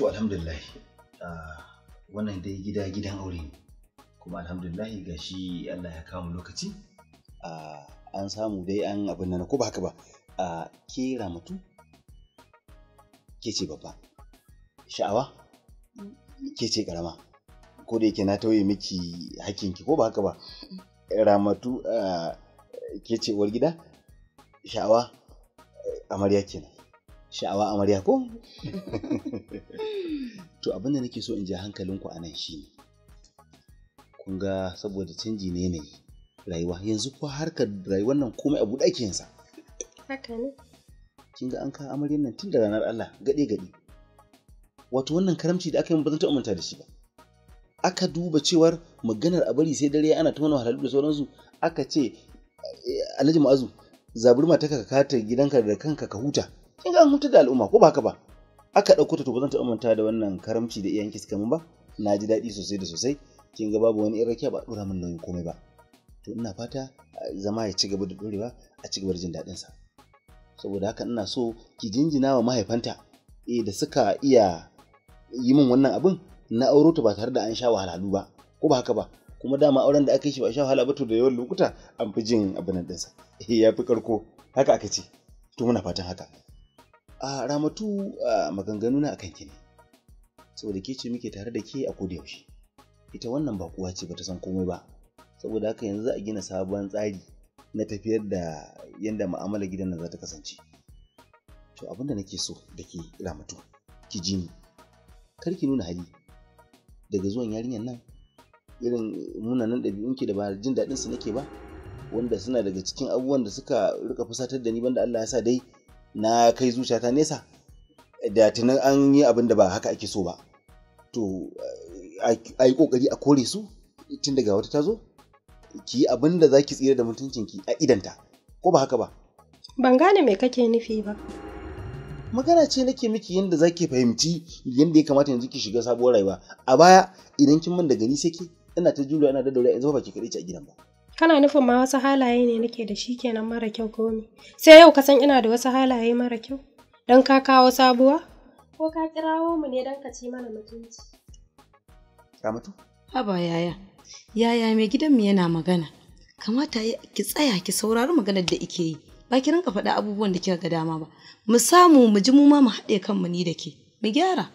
To alhamdulillah wannan dai gida gidan aure ne kuma alhamdulillah ga shi Allah ya kawo lokaci an samu dai an abin nan ko ba haka ba ke ramatu ke ce babba sha'awa mm. ke ce karama ko da yake na tauye miki hakinki ko ba haka ba mm. ramatu ke ce uwar gida sha'awa amarya kenan sha'awa amarya ko to abin da nake so in ji hankalinku a nan ne. kun ga saboda canji ne ne rayuwa yanzu ko harkar rayuwar nan komai abu ɗaki yansa haka ne kin ga an ka amaryar nan tun da ranar Allah gade gade wato wannan karamci da aka yi ba zan da shi ba aka duba cewar maganar a bari sai dare ana ta mana halalu da sauransu aka ce eh, alhaji ma'azu zaburma ta ka kata gidanka da kanka ka huta kin ga mutu da al'umma ko ba haka ba aka ɗauko ta to ba zan taɓa manta da wannan karamci da iyayenki suka ba na ji daɗi sosai da sosai kin ga babu wani irin ba ɗora min nauyin komai ba to ina fata zama ya ci gaba da ɗorewa a ci gaba da jin daɗinsa. sa saboda haka ina so ki jinjina wa mahaifanta eh da suka iya yi min wannan abin na auro ta ba tare da an sha wahalhalu ba ko ba haka ba kuma dama auren da aka yi shi ba sha wahala ba to da yawan lokuta an fi jin abin nan ɗinsa eh ya fi karko haka aka ce to muna fatan haka a ramatu maganganu na akan ki ne saboda ke ce muke tare da ke a koda yaushe ita wannan bakuwa ce bata san komai ba saboda haka yanzu za a gina sabon tsari na tafiyar da yadda ma'amala gidan nan za ta kasance to abin da nake so da ke ramatu ki ji ni kar ki nuna hali daga zuwan yarinyar nan irin munanan ɗabi'unki da ba jin daɗin su nake ba wanda suna daga cikin abubuwan da suka rika fusatar da ni banda Allah ya sa dai na kai zuciyata nesa da tunan an yi abin da ba haka ake so ba to a yi kokari a kore su tun daga wata ta zo ki yi abin da za ki tsira da mutuncinki a idanta ko ba haka ba ban gane me kake nufi ba magana ce nake miki yadda za ki fahimci yadda ya kamata yanzu ki shiga sabuwar rayuwa a baya idan kin man da gani sai ki ina ta juriya ina da daura yanzu ba ki kaɗai ci a gidan ba kana nufin ma wasu halaye ne nake da shi kenan mara kyau ko me sai yau ka san ina da wasu halaye mara kyau don ka kawo sabuwa ko ka kirawo mu ne don ka ci mana mutunci ramatu haba yaya yaya mai gidanmu yana magana kamata ki tsaya ki saurari maganar da ike yi ba ki rinka faɗa abubuwan da kika ga dama ba mu samu mu ji mu ma mu haɗe kanmu ni da ke mu gyara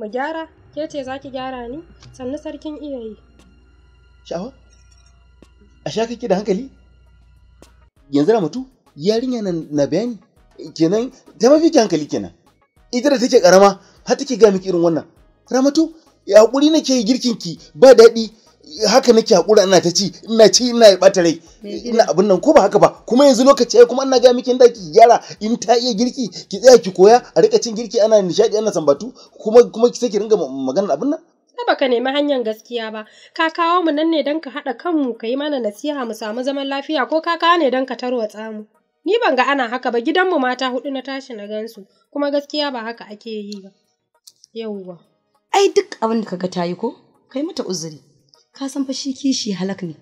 mu gyara ke ce za ki gyara ni sannu sarkin iyayi sha'awa a sha kake da hankali yanzu na mutu yarinya na bayani kenan ta mafi ki hankali kenan ita da take karama har take ga miki irin wannan ramatu hakuri nake yi girkin ki ba daɗi haka nake hakura ina ta ci ina ci ina bata rai ina abin nan ko ba haka ba kuma yanzu lokaci ai kuma ina ga miki inda ki gyara in ta iya girki ki tsaya ki koya a rika cin girki ana nishadi ana sambatu kuma kuma ki sake ki ringa magana abin nan ai baka nemi hanyar gaskiya ba ka kawo mu nan ne don ka haɗa kanmu ka yi mana nasiha mu samu zaman lafiya ko ka kawo ne don ka tarwatsa mu ni ban ga ana haka ba gidanmu mata hudu na tashi na gansu kuma gaskiya ba haka ake yi ba yauwa ai duk abin da kaga ta yi ko kai mata uzuri ka san fa shi kishi halak ne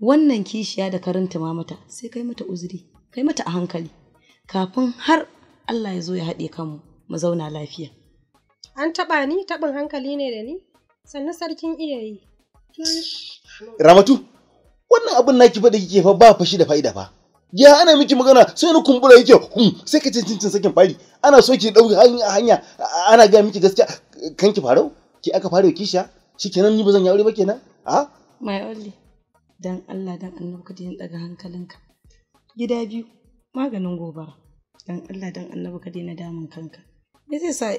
wannan kishiya da karanta ma mata sai kai mata uzuri kai mata a hankali kafin har Allah ya zo ya haɗe kanmu mu zauna lafiya an taɓa ni taɓin hankali ne da ni sannan sarkin iyayi. Ramatu, wannan abin naki faɗa kike fa ba fashi da fa'ida fa. Ya ana miki magana sai ni kumbura yake hum sai ka cincin sakin fari. Ana so ki ɗauki hanya hanya ana ga miki gaskiya kan ki farau ki aka fara kisha shikenan ni ba zan yi aure ba kenan. A? My only. dan Allah dan Allah ka daina daga hankalinka. Gida biyu maganin gobara. Dan Allah dan Allah ka daina damun kanka. Me zai sa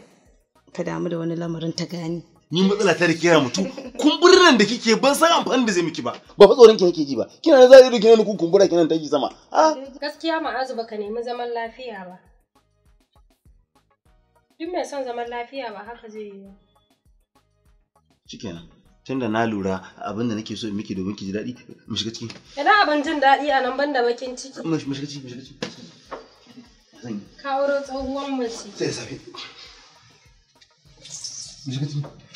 ka damu da wani lamarin ta gani? ni matsala ta da kira mutu kumburin nan da kike ban san amfani da zai miki ba ba fa tsoron ki yake ji ba kina da zai rike kina ku kumbura kina ta ki sama a ah! gaskiya azu baka nemi zaman lafiya ba duk mai son zaman lafiya ba haka zai yi shikenan tunda na lura abin da nake so in miki domin ki ji daɗi mu shiga ciki idan abin jin daɗi a nan banda bakin ciki mu shiga ciki mu shiga ciki kawo tsohuwan mace sai safi mu shiga ciki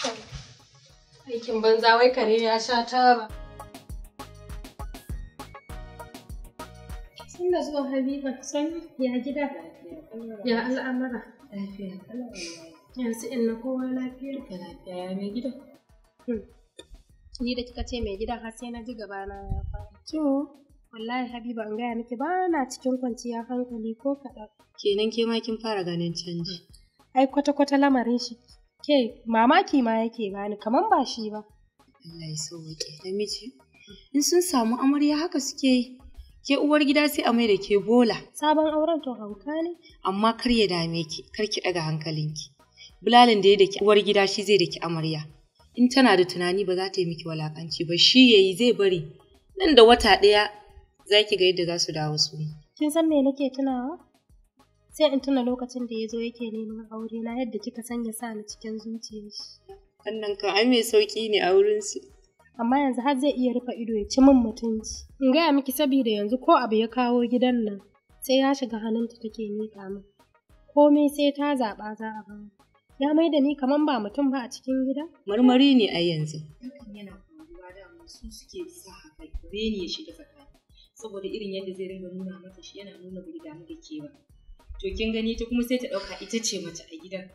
Aikin banza wai kare ya sha taba. Sun da zuwa Habiba, san ya gida, ya al'amura. Lafiya. Yanzu in na kowa lafiya. Lafiya ya mai gida. Hmm. Ni da kika ce mai gida har sai na ji gaba na ya fara. To, wallahi Habiba an gaya miki ba na cikin kwanciya hankali ko kaɗan. Kenan ke ma kin fara ganin canji. Ai kwata-kwata lamarin shi Ke mamaki ma yake bani kaman ba shi ba. Allah ya sauke namiji. In sun samu amarya haka suke yi. Ke uwar gida sai a mai da ke bola. Sabon auren to hauka Amma kar ya dame ki, kar ki ɗaga hankalinki. Bulalin da ya ki uwar gida shi zai daki amarya. In tana da tunani ba za ta yi miki walakanci ba shi yayi zai bari. Nan da wata ɗaya za ki ga yadda za su dawo su. Kin san me nake tunawa? sai in tuna lokacin da ya zo yake neman aure na yadda kika sanya sa ni cikin zuciyar shi wannan kan ai mai sauki ne a wurin su amma yanzu har zai iya rufe ido ya ci min mutunci in gaya miki saboda yanzu ko abu ya kawo gidan nan sai ya shiga hannunta take miƙa min komai sai ta zaɓa za a ba ya mai da ni kaman ba mutum ba a cikin gida marmari ne a yanzu yana faruwa da su suke sa ya shiga tsakani saboda irin yadda zai rinka nuna mata shi yana nuna bai damu da ke ba to kin gani ta kuma sai ta ɗauka ita ce mace a gidan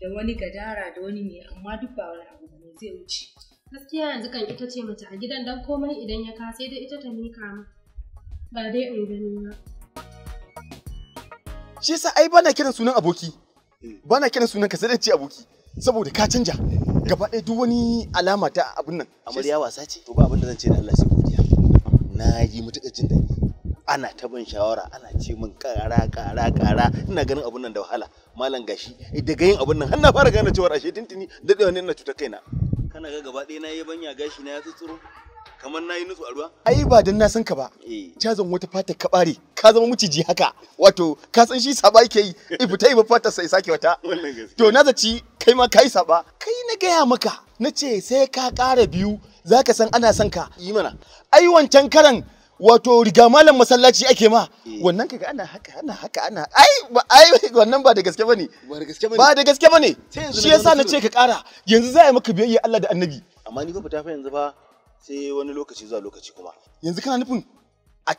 da wani gadara da wani mai amma duk ba wani abu ne zai wuce gaskiya yanzu kan ita ce mace a gidan dan komai idan ya kasa, sai dai ita ta mika ma ba dai in gani ba shi sa ai bana kiran sunan aboki eh. bana kiran sunan ka sai dai ce aboki saboda ka canja gaba ɗaya duk wani alama ta abin nan amarya wasa ce to ba abin da zan ce da Allah sai godiya na yi mutuƙar jin daɗi ana ta ban shawara ana ce min kara kara kara ina ganin abun nan da wahala malam gashi eh, daga yin abun nan har na fara gane cewa ashe tintini dadewa ne ina cutar kaina kana ga gaba ɗaya na yi banya gashi na ya tsutsuro kamar na yi nutsu a ruwa ai ba dan na san ka ba eh. cazan wata fata ka bare ka zama miciji haka wato ka san shi saba yake yi fita yi ba fata sai sake wata to na zaci kai ma kai saba kai na gaya maka na ce sai ka ƙara biyu zaka san ana son ka yi mana ai wancan karan wato riga malam masallaci ake ma eh. wannan kaga ana haka ana haka ana ai ai wannan ba da gaske bane ba da gaske bane shi yasa na ce ka kara. yanzu za a yi maka biyayya Allah da Annabi amma ni ba fita fa yanzu ba sai wani lokaci zuwa lokaci kuma yanzu kana nufin a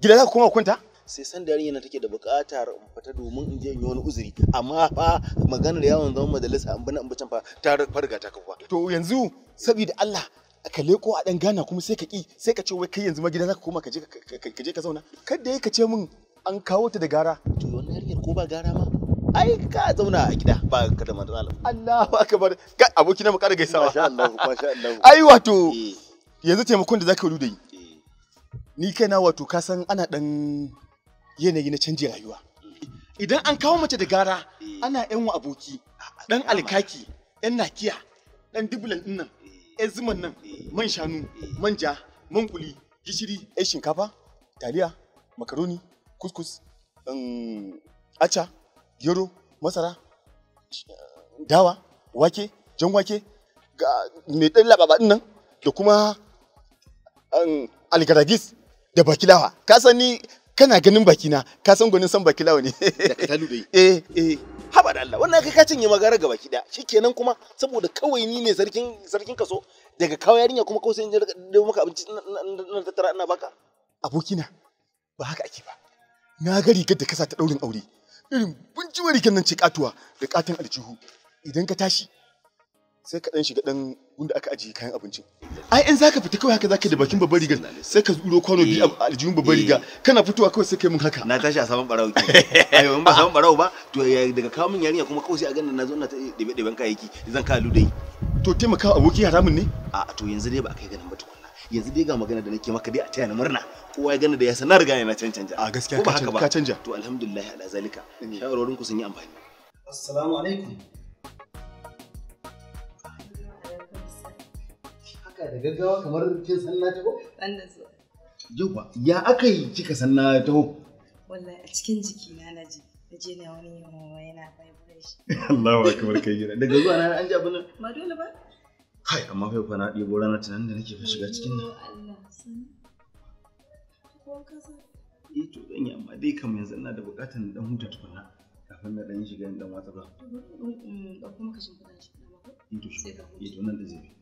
gida za ka koma kwanta sai san da yarinya take da buƙatar in fita domin in je in yi wani uzuri amma fa maganar yawon zaman majalisa an bana an bacin fa ta farga ta kafa to yanzu saboda Allah ka leko a dan gana kuma sai ka ki sai ka ce wai kai yanzu ma gida zaka koma ka je ka je ka zauna kada ka ce min an kawo ta da gara to wannan harkar ko ba gara ma ai ka zauna a gida ba ka da matsala Allahu akbar ga aboki na mu kada gaisawa masha Allah masha Allah ai wato eh. yanzu taimakon da zaka yi da ni eh. ni kaina wato ka san ana dan yanayi na canji rayuwa eh. idan an kawo mace da gara ana yan wa aboki dan alkaki yan nakiya dan dubulan dinnan ezuman nan man shanu manja man kuli gishiri yan shinkafa taliya makaroni kuskus um, aca gero masara dawa wake jan wake mai ɗan lababa nan da kuma um, algaragis da bakilawa ka sani kana ganin bakina ka san gwanin san baki lawa ne eh eh haba da Allah wannan kai ka cinye magara ga baki da shikenan kuma saboda kawai ni ne sarkin sarkin kaso daga kawo yarinya kuma kawai sai in da maka abinci na tattara ina baka abokina ba haka ake ba na ga rigar da kasa ta daurin aure irin bunjiwa rigar nan ce katuwa da katin aljihu idan ka tashi sai ka dan shiga dan wanda aka ajiye kayan abincin ai in zaka fita kawai haka zaka da bakin babbar riga sai ka zuro kwano biyu a eh. aljihun babbar riga eh. kana fitowa kawai sai kai mun haka na tashi a saman barau ke ayo in ba saman barau ba to daga kawo min yarinya kuma kawai sai a ganin na zo debe-debe ɗeben kayayyaki zan ka ludai to taimakawa aboki haramun ne a to yanzu dai ba kai ganin ba tukunna yanzu dai ga magana da nake maka dai a taya na murna kowa ya gane da ya sanar riga yana can canja a gaskiya ka canja to alhamdulillah ala zalika eh. shawarorin ku sun yi amfani assalamu alaikum haka da gaggawa kamar kin san ta taho? Ɗan da zuwa. Yauwa, ya aka yi kika san na taho? Wallahi a cikin jikina na ji. Da je na wani yamma yana vibration. Allahu akbar kai gida. Daga zuwa na an ji abin nan. Ma dole ba. Kai, amma fa fa na ɗebo ranar tunanin da nake fa shiga cikin nan. Allah Eh to zan yi amma dai kam yanzu ina da buƙatar na huta tukuna Kafin na ɗan shiga in ɗan watsa ba. Da kuma ka shimfiɗa shi. Eh to shi. Eh to nan da zai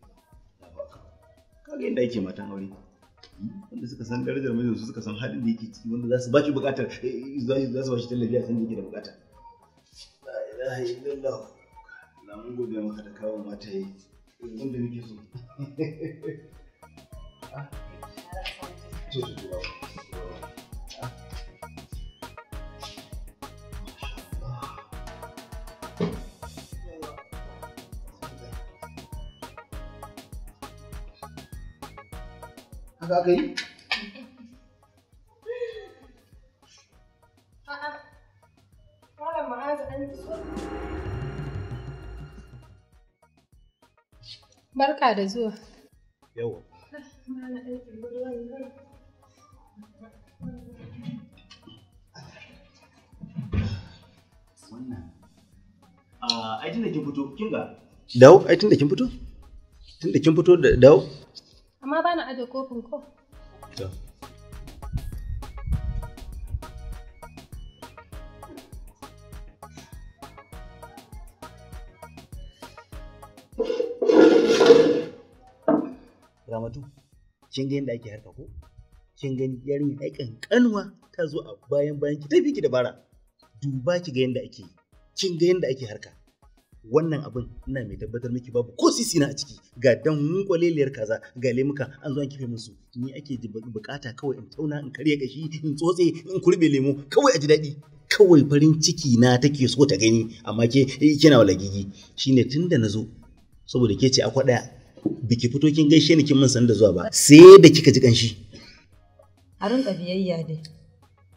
kaga yadda ake matan aure wanda suka san darajar mijin su suka san halin da yake ciki wanda za su ba shi bukatar za su ba shi tallafi a san da yake da bukata la ilaha illallah na mun gode maka da kawo mata yi wanda nake so to to to Agak aka yi Barka da zuwa. Yau. Wannan. Ah, ai tunda kin fito, kin ga? Dawo, ai tunda kin fito? Tunda kin fito da dawo? aje kofin Ramatu, kin ga yadda ake harka ko? Kin gani yarinya ai kankanuwa ta zo a bayan bayan ki tafi ki dabara. Duba ki ga yanda ake Kin ga yadda ake harka. wannan abin ina mai tabbatar miki babu ko sisi na a ciki ga dan kwaleliyar kaza ga lemuka an zo an kife musu ni ake bukata kawai in tauna in karya kashi in tsotse in kurbe lemo kawai a ji daɗi kawai farin ciki na take so ta gani amma ke eh, kina walagigi shine tunda na zo saboda ke ce akwai ɗaya biki fito kin gaishe ni kin mun san da zuwa ba sai da kika ji kanshi a rinka biyayya dai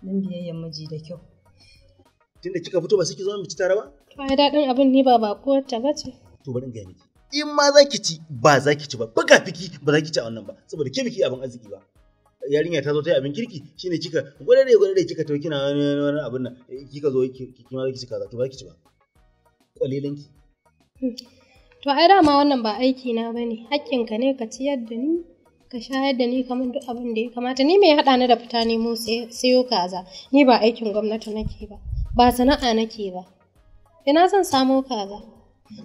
nan biyayyan miji da kyau tunda kika fito ba sai ki zo mu ci tare ba To daɗin abin ni ba bako ta ba ce. To bari in gaya miki. In ma za ki ci ba za ki ci ba baka fiki ba za ki ci a wannan ba saboda ke biki abin arziki ba. Yarinya ta zo ta yi abin kirki shine kika gwada ne gwada ne kika to kina wani wani abin nan eh, kika zo ki ma za ki ci kaza to ba ki ci ba. Kwalelanki. Hmm. To ai dama wannan ba aiki na bane hakkinka ne ka ci yadda ni ka shayar da ni kamar duk abin da ya kamata ni mai haɗa ni da fita nemo sayo kaza ni ba aikin gwamnati nake ba ba sana'a nake ba ina zan samo kaza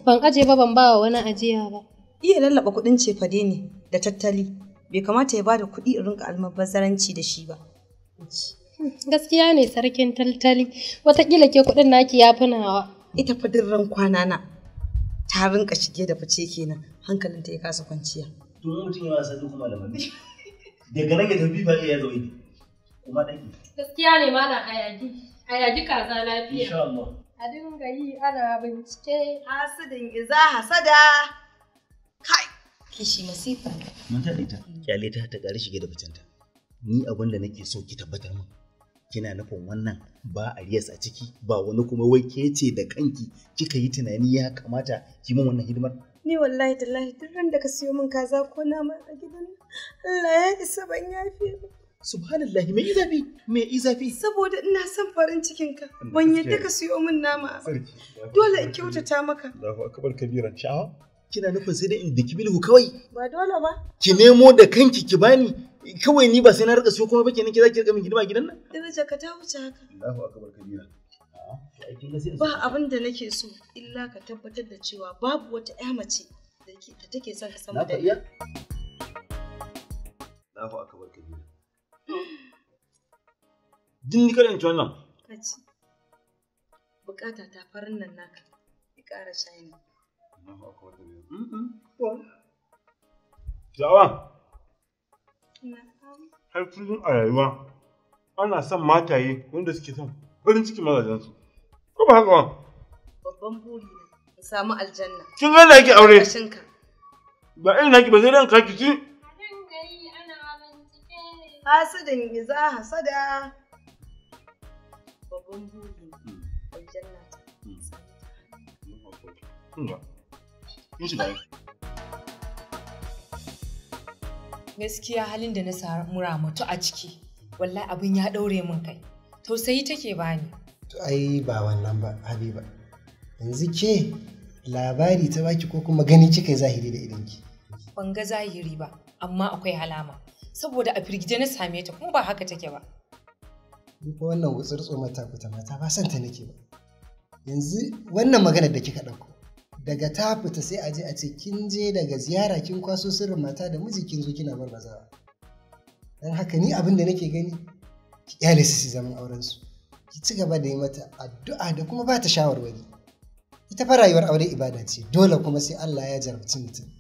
ban aje ba ban bawa wani ajiya ba iya lallaba kuɗin cefade ne da tattali bai kamata ya bada kuɗi in rinka almabazzaranci da shi ba hmm, gaskiya ne sarkin tattali watakila ke kuɗin naki ya nawa. ita fadin ran kwana na ta rinka shige da fice kenan ta ya kasa kwanciya to mutum ya wasa duk malamai daga nan ya tafi ba iya zaune kuma dake gaskiya ne malam Ayaji. Ayaji kaza lafiya insha Allah A dinga yi ana bincike. Hasidin iza hasada. Kai, kishi masifa. Mun daɗe ta. Kyale ta ta ƙari shige da bacinta. Ni abin da nake so ki tabbatar min. Kina nufin wannan ba a riyas a ciki ba wani kuma wai ke ce da kanki kika yi tunani ya kamata ki min wannan hidimar. Ni wallahi tallahi duk da ka siyo min kaza ko nama a gidan Allah ya isa ban yafe ba. subhanallah mai izafi mai izafi saboda ina son farin cikin ka ban yadda ka siyo min nama dole in kyautata maka Allahu akbar kabiran sha'a kina nufin sai da in diki bilhu kawai ba dole ba ki nemo da kanki ki bani kawai ni ba sai na rika siyo kuma ba kenan ki zaki rika min hidima gidan nan daraja ka ta wuce haka Allahu akbar kabira ba abin da nake so illa ka tabbatar da cewa babu wata ƴa mace da take son ka samu da iya Allahu akbar kabira Din ni kaɗan ci wannan. Kaci. Bukata ta farin nan naka. Ki ƙara da biyu. Jawa. Har kullum a rayuwa ana son mataye wanda suke son farin cikin mazajensu. Ko ba haka ba? Babban buri ne. samu aljanna. Kin ga da yake aure. Ba irin naki ba zai ranka ki ci. hasidin iza hasada babban buri gaskiya halin da na samu ramatu a ciki walla abin ya ɗaure min kai tausayi take bani ai ba wannan ba habiba yanzu ke labari ta baki ko kuma gani kika zahiri da idanki ban ga zahiri ba amma akwai alama. saboda a firgije na same ta kuma ba haka take ba ni wannan wannan tsoma ta fita mata ba san ta nake ba yanzu wannan maganar da kika ɗauko daga ta fita sai a je a ce kin je daga ziyara kin kwaso sirrin mata da miji kin zo kina barbazawa dan haka ni abin da nake gani ki iyale su su zaman auren su ki ci gaba da yi mata addu'a da kuma ba ta shawarwari ita fa rayuwar aure ibada ce dole kuma sai Allah ya jarabci mutum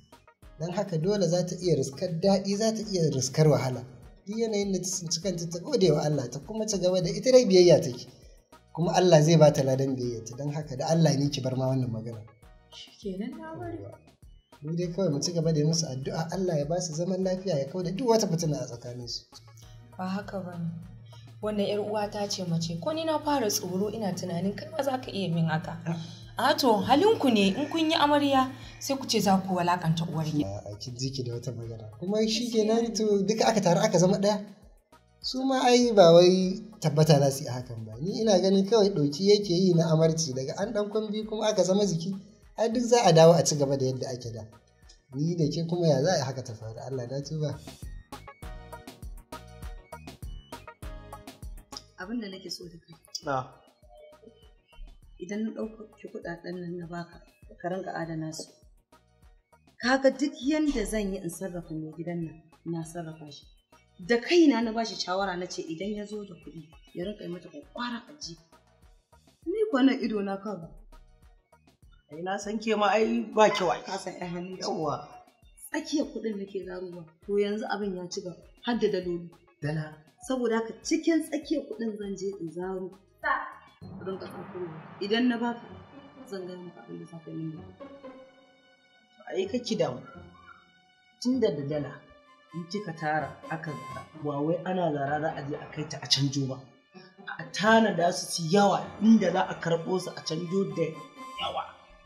don haka dole za ta iya riskar daɗi za ta iya riskar wahala yanayin da ta tsinci kanta ta gode wa Allah ta kuma ci gaba da ita dai biyayya take kuma Allah zai ba ta ladan biyayya ta don haka da Allah ne ki bar ma wannan magana shikenan na bari mu dai kawai mu ci gaba da musu addu'a Allah ya ba su zaman lafiya ya kauda duk wata fitina a tsakanin su ba haka ba wannan yar uwa ta ce mace ko ni na fara tsoro ina tunanin kai ma za ka iya min haka ah. ato halinku ne in kun yi amarya sai ku ce za ku walakanta uwar gida a kin ziki da wata magana kuma shi ke nan to duka aka taru aka zama ɗaya su ma ai ba wai tabbata za su yi hakan ba ni ina ganin kawai ɗauki yake yi na amarci daga an ɗan kwambi kuma aka zama jiki ai duk za a dawo a ci gaba da yadda ake da ni da ke kuma ya za a yi haka ta faru allah da tuba abin nake so da kai idan na ɗauki kuɗaɗen nan na baka ka ringa adana su Ka ga duk yanda zan yi in sarrafa mai gidan nan na sarrafa shi da kaina na bashi shawara na ce idan ya zo da kuɗi ya rinka yi mata kwakwara aji ni kuwa nan ido na ba ai na san ke ma ai ba kyau ai ka san ai hannu yawa tsakiyar kuɗin nake garuwa to yanzu abin ya ci gaba har da daloli dala saboda haka cikin tsakiyar kuɗin zan je in zaro kudin kasar idan na baka zan gaya maka abin da za ka yi min a yi kake damu tun da dala in kika tara aka zara ba wai ana zara za a je a kai ta a canjo ba a tanada su su yawa inda za a karɓo su a canjo da yawa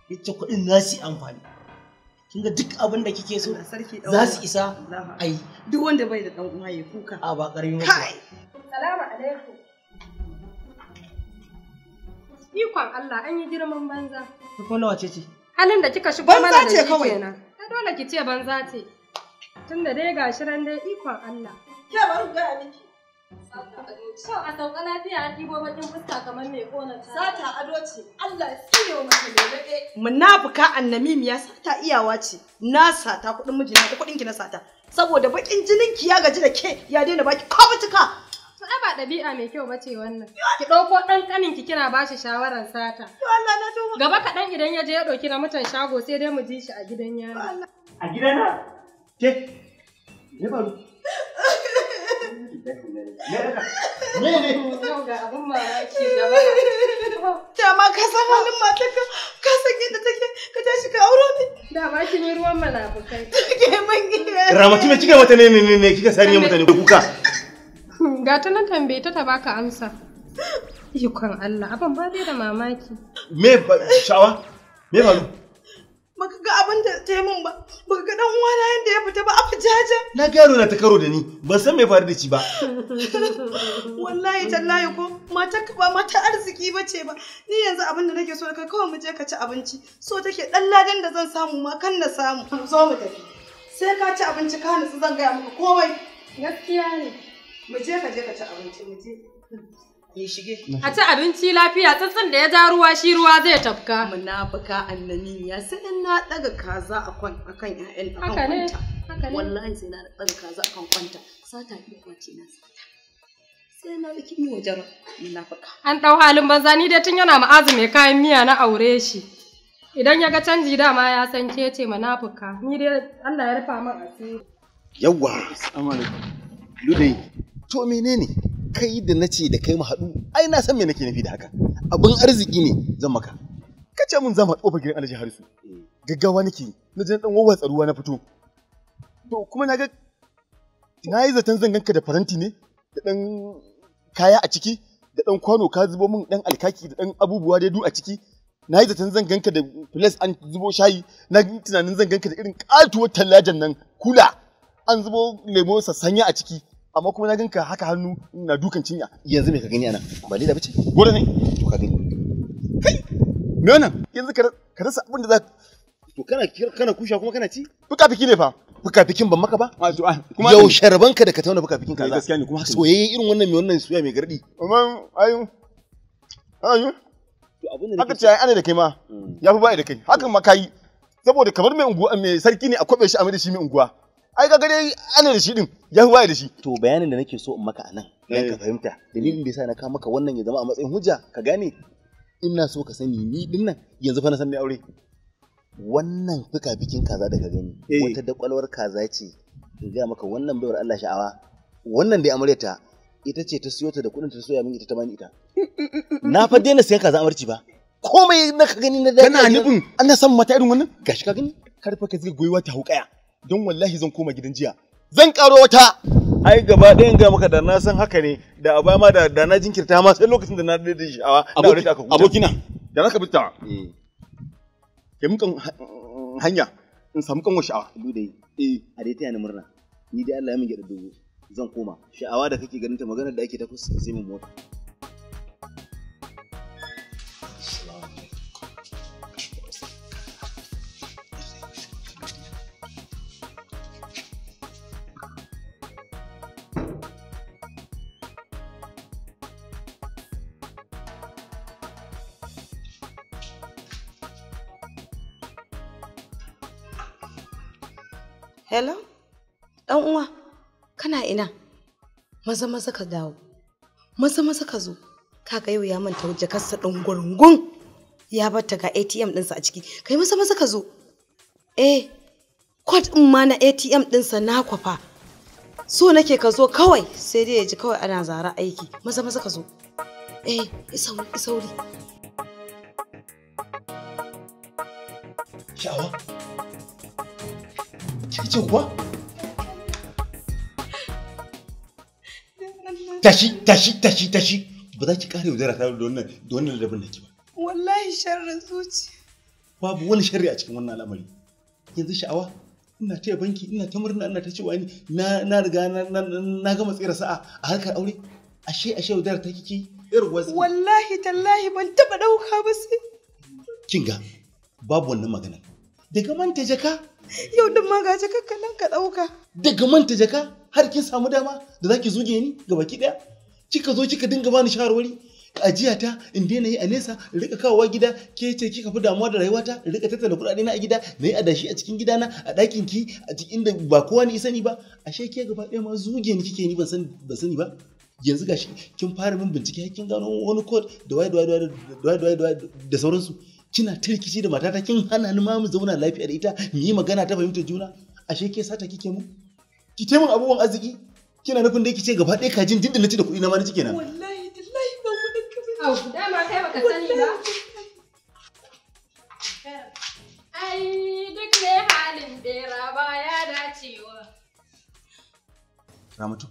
yace kuɗin za su yi amfani kin ga duk abin da kike so za su isa ai duk wanda bai da dan uwa ya kuka a ba ƙarfi ba salamu alaikum Ikon Allah an yi girman banza. Ta ko nawa ce ce? Halin da kika shigo mana da shi kenan. Ta dole ki ce banza ce. Tunda dai gashi ran dai ikon Allah. Ke ku ga miki. So a sauka lafiya an ɗibo bakin fuska kamar mai kona ta. Sata ado ce, Allah ya tsiyo mata lalaɓe. Munafuka annamimiya sata iyawa ce, na sata kuɗin mijina ko kuɗin ki na sata. Saboda bakin jinin ki ya gaji da ke ya daina baki ko mutuka ba ɗabi'a mai kyau bace wannan. Ki ɗauko ɗan ƙanin ki kina bashi shawaran sata. Gaba kaɗan idan ya je ya ɗauki na mutan shago sai dai mu ji shi a gidan yaro. A na? Ke? Ne ba ru? ne? Yau ga abin mamaki gaba. Dama oh. ka san halin matarka ka san yadda take ka tashi ka auro ni. ba ki mai ruwan munafukai. Ke mun gida. Ramatu mai kika mata ne ne ne kika sani mata ne kuka. Ga ta nan tambaye ta ta baka amsa. Ikon Allah, abin ba da mamaki. Me shawa? Me ba Baka ga abin da ta yi min ba, baka ga dan uwana yanda ya fita ba a fujaja. Na yaro na ta karo da ni, ban san me faru da shi ba. Wallahi tallahi ko mata ba mata arziki ba ce ba. Ni yanzu abin da nake so da kai kawai mu je ka ci abinci. So take dan ladan da zan samu ma kan na samu. Zo mu tafi. Sai ka ci abinci ka nutsu zan gaya maka komai. Gaskiya ne. Mu je ka je ka ci abinci mu je. Ni shige. A ci abinci lafiya tsantsan da ya ja ruwa shi ruwa zai tafka. Munafuka ya sai na daga kaza a akan ƴaƴan akan kwanta. Haka ne. Wallahi sai na daga kaza akan kwanta. Sata ki kwace na sata. Sai na biki yi wajen munafuka. An ɗau halin banza ni dai tun yana ma'azu mai kayan miya na aure shi. Idan ya ga canji dama ya san ke ce munafuka. Ni dai Allah ya rufa min asiri. Yawwa. Assalamu alaikum. Ludai. to menene kai da na ce da kai mu haɗu ai na san me nake nufi da haka abin arziki ne zan maka ka ce mun zama kofar gidan alhaji harisu eh. gaggawa nake na je dan wawa tsaruwa na fito to kuma na ga na yi zaton zan ganka da faranti ne da dan kaya a ciki da dan kwano ka zubo min dan alkaki da dan abubuwa da du a ciki na yi zaton zan ganka da plus an zubo shayi na tunanin zan ganka da irin katuwar tallajin nan kula an zubo lemo sassanya a ciki amma kuma na ganka haka hannu na dukan cinya yanzu me ka gani anan ba da bace gore ne to ka gani kai me wannan yanzu ka ka rasa abin da za to kana kana kusha kuma kana ci buka fiki ne fa buka fikin ban maka ba a kuma yau ka da ka tauna buka fikin ka eh, gaskiya ne kuma soyayye irin wannan me wannan soyayya mai gardi amma ayu ayu haka ai ana da kai ma mm. Yafi ba da kai hakan ma kai saboda kamar mai unguwa mai sarki ne a kwabe shi a mai da shi mai unguwa ai kaga gare ana da shi din ya huwa da shi to bayanin da nake so in maka anan dan ka eh. fahimta dalilin da yasa na kawo maka wannan ya zama a matsayin hujja ka gane ina so ka sani ni din nan yanzu fa na san aure wannan fuka bikin kaza da ka gani eh. wata da kwalwar kaza ce in ga maka wannan baiwar Allah sha'awa wannan dai ta, ita ce ta siyo ta da kuɗin ta soya min ita ta bani ita na fa daina sayan kaza amarci ba komai na ka gani na dai kana nufin ana san mata irin wannan gashi ka gani karfa ka zai goyi ta hukaya don wallahi zan koma gidan jiya zan karo wata ai gaba ɗayan ga maka da na san haka ne da a ma da da na jinkirta ma sai lokacin da na da sha'awa na aure ta aka huta abokina da naka bitta ke eh. mun kan hanya in samu kan sha'awa dai eh a dai yana murna ni dai Allah ya min gida dubu zan koma sha'awa da kake ganin ta maganar da ake ta kusa sai mun mota maza maza ka dawo maza maza ka zo kaga yau ya manta wajen kasa ɗan gwarungun ya bata ga atm ɗinsa a ciki kai maza maza ka zo eh kwat ɗin ma na atm ɗinsa na kwafa so nake ka zo kawai sai dai ya ji kawai ana zara aiki maza maza ka zo eh isauri isauri sha'awa cikin kuwa tashi tashi tashi tashi ba za ki kare yaudara ta da wannan da wannan ladabin da ki ba wallahi sharri zuci babu wani sharri a cikin wannan al'amari yanzu sha'awa ina taya banki ina ta murna ina ta cewa ni na na riga na na gama tsira sa'a a harkar aure ashe ashe yaudara ta kike irin wasu wallahi tallahi ban taba dauka ba sai Kinga, babu wannan magana daga manta jaka Yau din ma ga jaka nan ka ɗauka. Daga manta jaka har kin samu dama da zaki zuge ni ga baki ɗaya. Kika zo kika dinga bani shawarwari. Ajiya ta in daina yi a nesa in rika kawowa gida ke ce kika fi damuwa da rayuwata in rika tattala kuɗaɗe na a gida na yi adashi a cikin gidana a ɗakin ki a cikin inda ba kowa ni sani ba ashe ke gaba ɗaya ma zuge ni kike ni ban sani ba. yanzu gashi kin fara min bincike kin gano wani code da waye da waye da sauransu kina ta da matata kin hana ni ma mu zauna lafiya da ita mu yi magana ta fahimtar juna ashe ke sata kike mu ki taimun abubuwan arziki kina nufin da ce gaba ɗaya kajin dindin na ci da kuɗi na ma na ci kenan wallahi dillahi ba mu da kabi au dama kai baka sani ba ai duk ne halin bera baya dacewa ramatu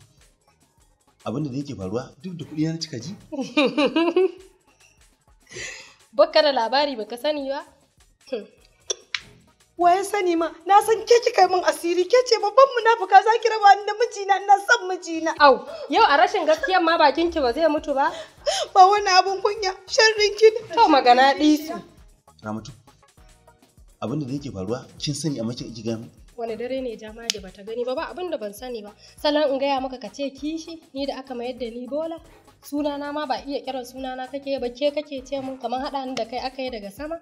abinda da yake faruwa duk da kuɗi na ci kaji baka da labari baka sani ba hmm. waye sani ma na san ke kika min asiri ke ce babban munafuka za ki raba ni da mijina ina son mijina au yau a rashin gaskiya ma bakin ki ba zai mutu ba ba wani abun kunya sharrin ki to magana disu ramatu abin da yake faruwa kin sani amma mace ji gami wani dare ne jama da bata gani ba ba abin da ban sani ba salon in gaya maka ka ce kishi ni da aka mayar da ni bola sunana ma ba iya kiran sunana kake ba ke kake ce mun kamar haɗa ni da kai aka yi daga sama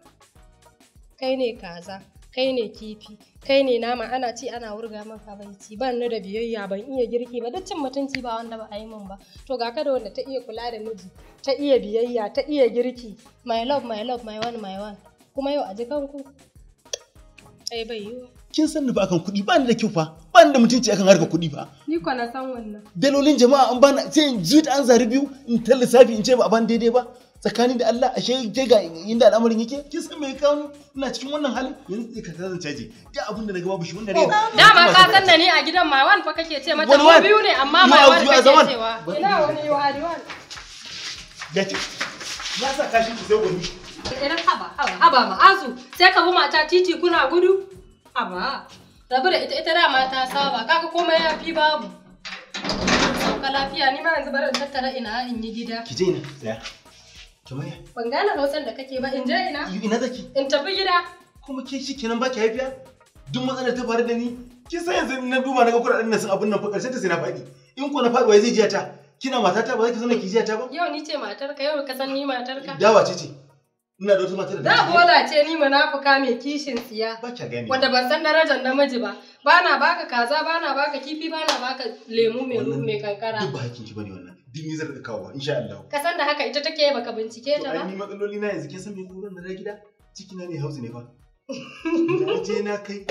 kai ne kaza kai ne kifi kai ne nama ana ci ana wurga min abinci ban ni da biyayya ban iya girki ba duk cin mutunci ba wanda ba a yi min ba to ga ka da wanda ta iya kula da miji ta iya biyayya ta iya girki my love my love my one my one kuma yau a ji kanku ai bai yiwu kin san nufa akan kuɗi ba ni da kyau fa ba ni da mutunci akan harkar kuɗi fa ni kwana na san wannan dalolin jama'a an bani sai in zuta an zari biyu in ta lissafi in ce ba ban daidai ba tsakani da Allah ashe ke ga inda al'amarin yake kin san me kawo ina cikin wannan hali yanzu ka ta zan caji da abin da naga babu shi wanda ne dama ka san da ni a gidan wan fa kake ce mata mu biyu ne amma Maiwan kake cewa ina wani Ya ce ya sa kashi sai gobe Ina haba, haba azu sai ka bi mata titi kuna gudu? Haba, rabu da ita ita dama ta saba, kaga komai ya fi babu. Sauka lafiya ni ma yanzu barin tattara ina in yi gida. Ki je ina, tsaya. Jumaya. Ban gane hausan da kake ba, in je ina. Ina zaki. In tafi gida. Kuma ke shi kenan ba ki haifiya? Duk matsalar ta faru da ni. ki san yanzu na duba na ga kuɗaɗen nan sun abin nan fa ƙarshen ta sai na faɗi. In ko na faɗi wai zai jiya ta. Kina matata ba za ki zauna ki jiya ta ba? Yau ni ce matarka, yau ka san ni matarka. Dawa ce ce. Ina da wata mata da Da bola ce ni munafuka mai kishin tsiya. Ba gani. Wanda ban san darajar namiji ba. Ba na baka kaza, ba na baka kifi, ba na baka lemu mai mai kankara. Duk ba hakkin ki bane wannan. Duk ni zan kawo insha Allah. Ka san da haka ita take baka bincike ta ba. Ai ni matsaloli na yanzu ke san me kuran na gida? Ciki na ne hausa ne fa. Na je na kai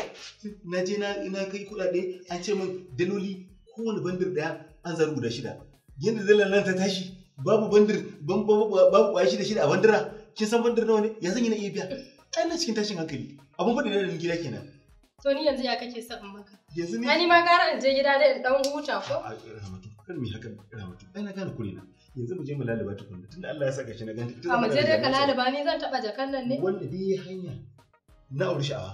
na je na kai kuɗaɗe an ce min daloli kowane bandir daya an zaru guda shida. Yanda zallan nan ta tashi babu bandir babu kwaya shida shida a bandira. kin san bandar nawa ne ya zan yi na iya biya Ɗan cikin tashin hankali abun faɗi na da gida kenan to ni yanzu ya kake sa in maka yanzu ne ni ma gara in je gida da in dan huta ko a ramatu mi haka ramatu ai na gane kuri na yanzu mu je mu lalaba tukunna tunda Allah ya saka shi na ganta ita a mu je dai ka lalaba ni zan taba jakan nan ne wanda dai hanya na aure sha'awa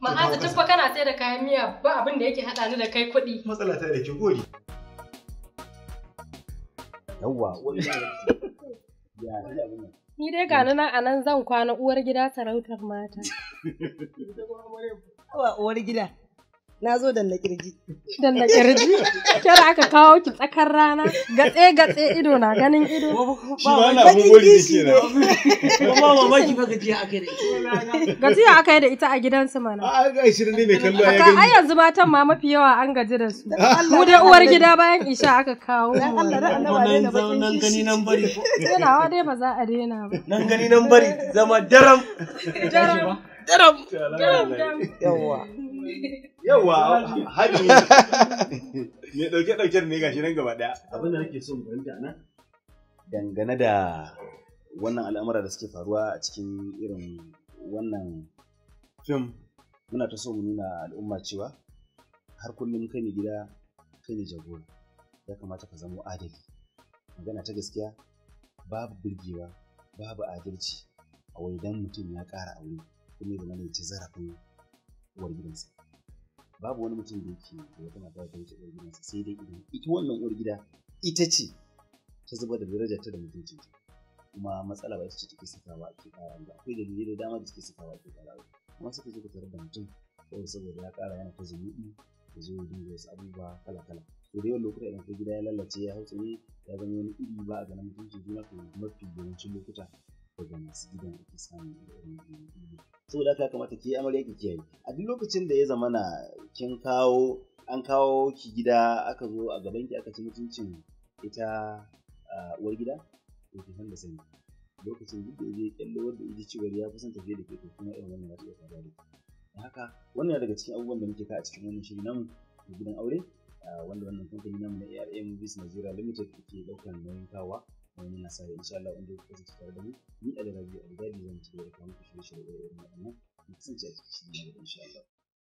Ma'aza tuffa kana sai da kayan miya ba abin da yake haɗa ni da kai kuɗi. Matsala ta da ke gori. Yawwa, wani Ni dai ga nan a nan zan kwana uwar gida sarautar mata. Uwar gida. na zo da na kirji. Da na kirji? Kira aka kawo ki tsakar rana, gatse gatse ido na ganin ido. Ba na ne Ba mamaki ba gajiya aka da ita. Gajiya aka yi da ita a gidansu mana. A ga shirin ne mai kallo ya gani. Ai yanzu matan ma mafi yawa an gaji da su. Mu dai uwar gida bayan isha aka kawo. Dan Allah da Allah ba da bakin Nan gani nan bari. Tsenawa dai ba za a daina ba. Nan gani nan bari zama daram. Daram. Daram. Daram. Yawwa. yawa me dauke dauke ne gashi nan gaba daya abin da nake so mu fahimta nan dangane da wannan al'amura da suke faruwa a cikin irin wannan fim muna ta so mu nuna al'umma cewa har kullum kai ne gida kai ne jagora ya kamata ka zamo adali magana ta gaskiya babu birgewa babu adalci a waidan mutum ya ƙara aure kuma ya zama ne ci zarafin uwar gidansa babu wani mutum da yake da ya tana bawa kanshi uwar gidansa sai dai idan ita wannan uwar gida ita ce ta zubar da darajar ta da ta. kuma matsala ba ita ce take sakawa ake ƙara ba akwai dalilai da dama da suke sakawa ake ƙara kuma suka zo tare da mutum kawai saboda ya ƙara yana ta zunubi ya zo ya dinga wasu abubuwa kala-kala to da yawan lokuta idan ka gida ya lalace ya hau ne ya zama wani iri ba a ganin mutuncin juna to mafi yawancin lokuta daga masu gidan ake samun saboda haka kamata ki amarya ki kiyaye a duk lokacin da ya zamana kin kawo an kawo ki gida aka zo a gaban ki aka ci mutuncin ita uwar gida to ki san da sani lokacin duk da yaje kallo wanda yaji cewa ya kusan tafiye da ke to kuma irin wannan ya tsaya da da haka wannan daga cikin abubuwan da muke ka a cikin wannan shirin namu na gidan aure wanda wannan kamfani namu na ARA Movies Nigeria Limited ke daukar nauyin kawowa. wani muna sa insha Allah inda kuka ji da mu ni a da rabi a da zan ci gaba da kawo muku shirye-shirye irin waɗannan mu a cikin shirin insha Allah